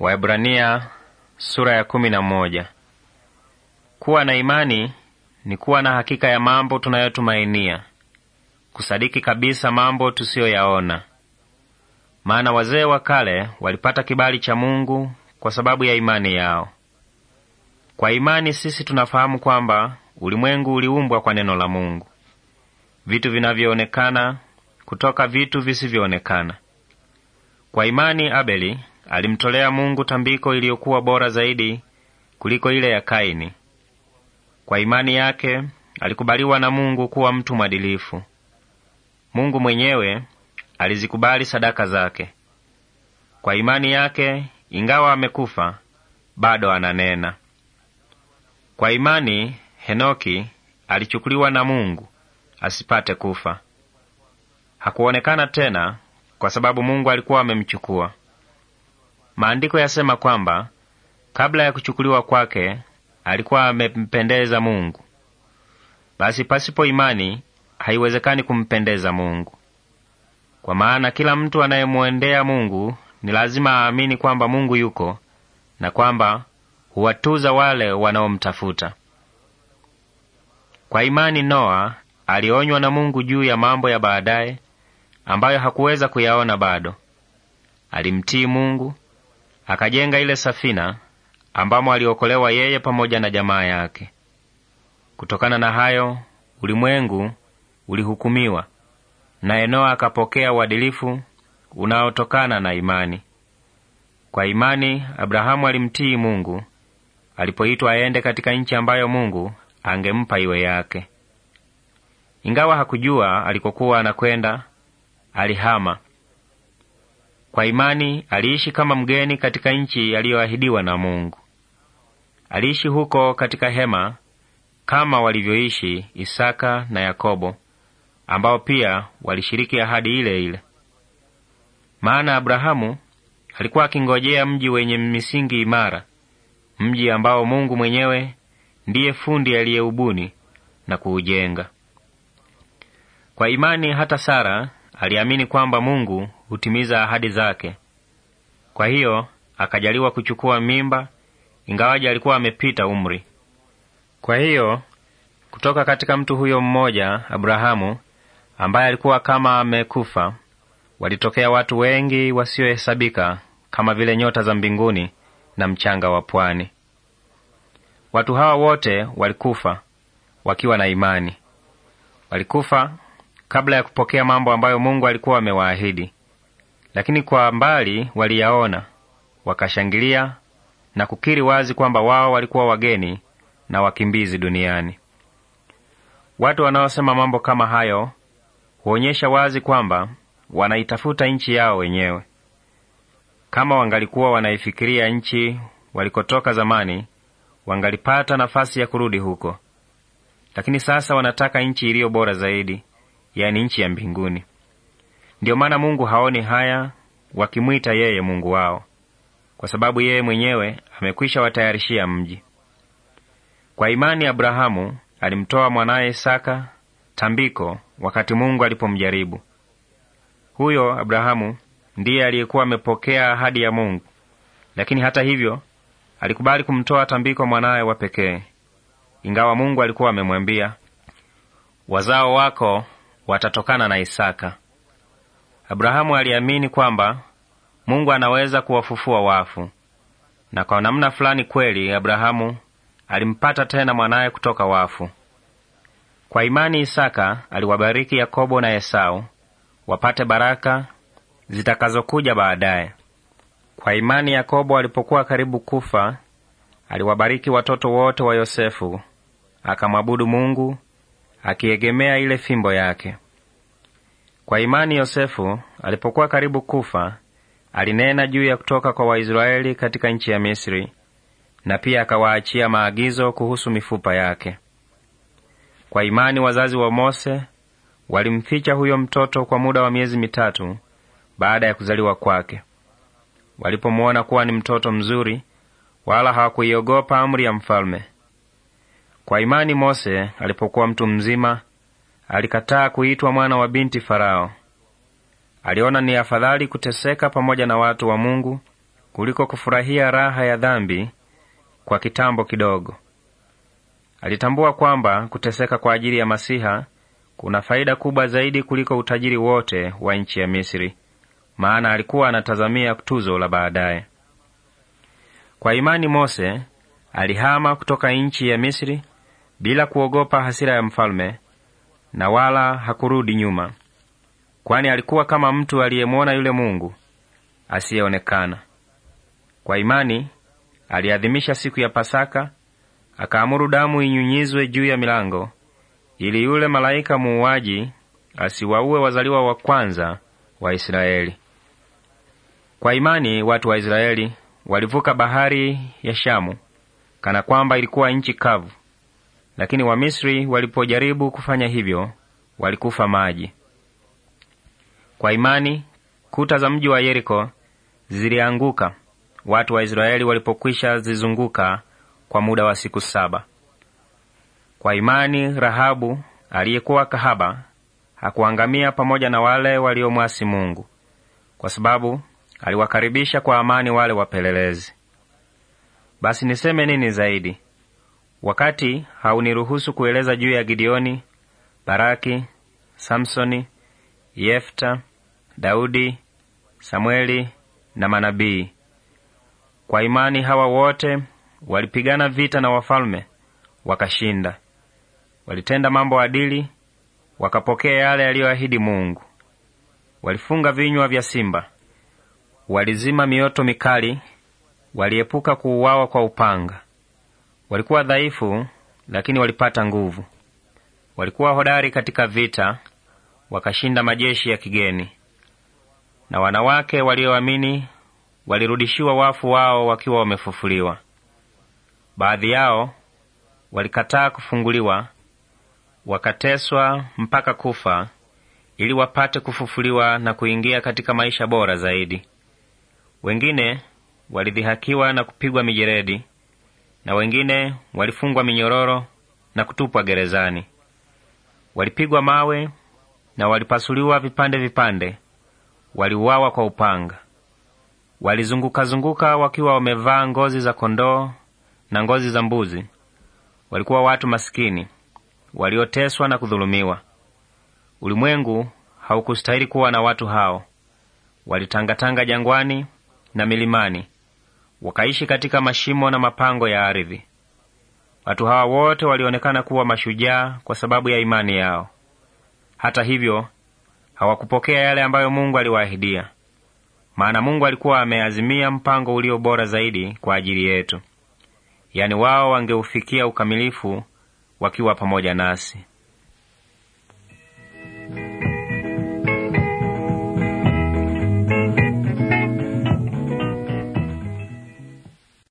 Waebrania sura ya kumi na moja. Kuwa na imani ni kuwa na hakika ya mambo tunayotumainia, kusadiki kabisa mambo tusiyoyaona. Maana wazee wa kale walipata kibali cha Mungu kwa sababu ya imani yao. Kwa imani sisi tunafahamu kwamba ulimwengu uliumbwa kwa neno la Mungu, vitu vinavyoonekana kutoka vitu visivyoonekana. Kwa imani Abeli alimtolea Mungu tambiko iliyokuwa bora zaidi kuliko ile ya Kaini. Kwa imani yake alikubaliwa na Mungu kuwa mtu mwadilifu. Mungu mwenyewe alizikubali sadaka zake. Kwa imani yake, ingawa amekufa, bado ananena. Kwa imani Henoki alichukuliwa na Mungu asipate kufa. Hakuonekana tena kwa sababu Mungu alikuwa amemchukua. Maandiko yasema kwamba kabla ya kuchukuliwa kwake alikuwa amempendeza Mungu. Basi pasipo imani haiwezekani kumpendeza Mungu, kwa maana kila mtu anayemwendea Mungu ni lazima aamini kwamba Mungu yuko na kwamba huwatuza wale wanaomtafuta. Kwa imani Noa alionywa na Mungu juu ya mambo ya baadaye ambayo hakuweza kuyaona bado. Alimtii Mungu akajenga ile safina ambamo aliokolewa yeye pamoja na jamaa yake. Kutokana na hayo, ulimwengu ulihukumiwa, na Enoa akapokea uadilifu unaotokana na imani. Kwa imani Abrahamu alimtii Mungu alipoitwa aende katika nchi ambayo Mungu angempa iwe yake. Ingawa hakujua alikokuwa anakwenda, alihama kwa imani aliishi kama mgeni katika nchi aliyoahidiwa na Mungu. Aliishi huko katika hema kama walivyoishi Isaka na Yakobo, ambao pia walishiriki ahadi ile ile. Maana Abrahamu alikuwa akingojea mji wenye misingi imara, mji ambao Mungu mwenyewe ndiye fundi aliyeubuni na kuujenga. Kwa imani hata Sara aliamini kwamba Mungu hutimiza ahadi zake. Kwa hiyo akajaliwa kuchukua mimba, ingawaji alikuwa amepita umri. Kwa hiyo kutoka katika mtu huyo mmoja Abrahamu, ambaye alikuwa kama amekufa, walitokea watu wengi wasiohesabika kama vile nyota za mbinguni na mchanga wa pwani. Watu hawa wote walikufa wakiwa na imani, walikufa kabla ya kupokea mambo ambayo Mungu alikuwa amewaahidi. Lakini kwa mbali waliyaona, wakashangilia na kukiri wazi kwamba wao walikuwa wageni na wakimbizi duniani. Watu wanaosema mambo kama hayo huonyesha wazi kwamba wanaitafuta nchi yao wenyewe. Kama wangalikuwa wanaifikiria nchi walikotoka zamani, wangalipata nafasi ya kurudi huko, lakini sasa wanataka nchi iliyo bora zaidi, yani nchi ya mbinguni. Ndiyo maana Mungu haoni haya wakimwita yeye Mungu wao, kwa sababu yeye mwenyewe amekwisha watayarishia mji. Kwa imani Abrahamu alimtoa mwanaye Isaka tambiko wakati Mungu alipomjaribu. Huyo Abrahamu ndiye aliyekuwa amepokea ahadi ya Mungu, lakini hata hivyo alikubali kumtoa tambiko mwanaye wa pekee, ingawa Mungu alikuwa amemwambia, wazao wako watatokana na Isaka. Abrahamu aliamini kwamba Mungu anaweza kuwafufua wafu, na kwa namna fulani kweli Abrahamu alimpata tena mwanaye kutoka wafu. Kwa imani Isaka aliwabariki Yakobo na Esau wapate baraka zitakazokuja baadaye. Kwa imani Yakobo alipokuwa karibu kufa, aliwabariki watoto wote wa Yosefu, akamwabudu Mungu akiegemea ile fimbo yake. Kwa imani Yosefu alipokuwa karibu kufa, alinena juu ya kutoka kwa Waisraeli katika nchi ya Misri, na pia akawaachia maagizo kuhusu mifupa yake. Kwa imani wazazi wa Mose walimficha huyo mtoto kwa muda wa miezi mitatu baada ya kuzaliwa kwake. Walipomwona kuwa ni mtoto mzuri, wala hawakuiogopa amri ya mfalme. Kwa imani Mose alipokuwa mtu mzima alikataa kuitwa mwana wa binti Farao. Aliona ni afadhali kuteseka pamoja na watu wa Mungu kuliko kufurahia raha ya dhambi kwa kitambo kidogo. Alitambua kwamba kuteseka kwa ajili ya Masiha kuna faida kubwa zaidi kuliko utajiri wote wa nchi ya Misri, maana alikuwa anatazamia tuzo la baadaye. Kwa imani Mose alihama kutoka nchi ya Misri bila kuogopa hasira ya mfalme, na wala hakurudi nyuma, kwani alikuwa kama mtu aliyemwona yule Mungu asiyeonekana. Kwa imani aliadhimisha siku ya Pasaka, akaamuru damu inyunyizwe juu ya milango, ili yule malaika muuaji asiwaue wazaliwa wa kwanza wa Israeli. Kwa imani watu wa Israeli walivuka bahari ya Shamu kana kwamba ilikuwa nchi kavu, lakini Wamisri walipojaribu kufanya hivyo walikufa maji. Kwa imani kuta za mji wa Yeriko zilianguka watu wa Israeli walipokwisha zizunguka kwa muda wa siku saba. Kwa imani Rahabu aliyekuwa kahaba hakuangamia pamoja na wale waliomwasi Mungu, kwa sababu aliwakaribisha kwa amani wale wapelelezi. Basi niseme nini zaidi? Wakati hauniruhusu kueleza juu ya Gideoni, Baraki, Samsoni, Yefta, Daudi, Samueli na manabii. Kwa imani hawa wote walipigana vita na wafalme wakashinda. Walitenda mambo adili, wakapokea yale yaliyoahidi Mungu. Walifunga vinywa vya simba, walizima mioto mikali, waliepuka kuuawa kwa upanga. Walikuwa dhaifu, lakini walipata nguvu. Walikuwa hodari katika vita, wakashinda majeshi ya kigeni. Na wanawake walioamini walirudishiwa wafu wao wakiwa wamefufuliwa. Baadhi yao walikataa kufunguliwa, wakateswa mpaka kufa, ili wapate kufufuliwa na kuingia katika maisha bora zaidi. Wengine walidhihakiwa na kupigwa mijeredi, na wengine walifungwa minyororo na kutupwa gerezani. Walipigwa mawe na walipasuliwa vipande vipande, waliuawa kwa upanga. Walizunguka-zunguka wakiwa wamevaa ngozi za kondoo na ngozi za mbuzi. Walikuwa watu masikini walioteswa na kudhulumiwa. Ulimwengu haukustahili kuwa na watu hao. Walitangatanga jangwani na milimani, wakaishi katika mashimo na mapango ya ardhi. Watu hawa wote walionekana kuwa mashujaa kwa sababu ya imani yao. Hata hivyo, hawakupokea yale ambayo Mungu aliwaahidia, maana Mungu alikuwa ameazimia mpango ulio bora zaidi kwa ajili yetu, yaani wao wangeufikia ukamilifu wakiwa pamoja nasi.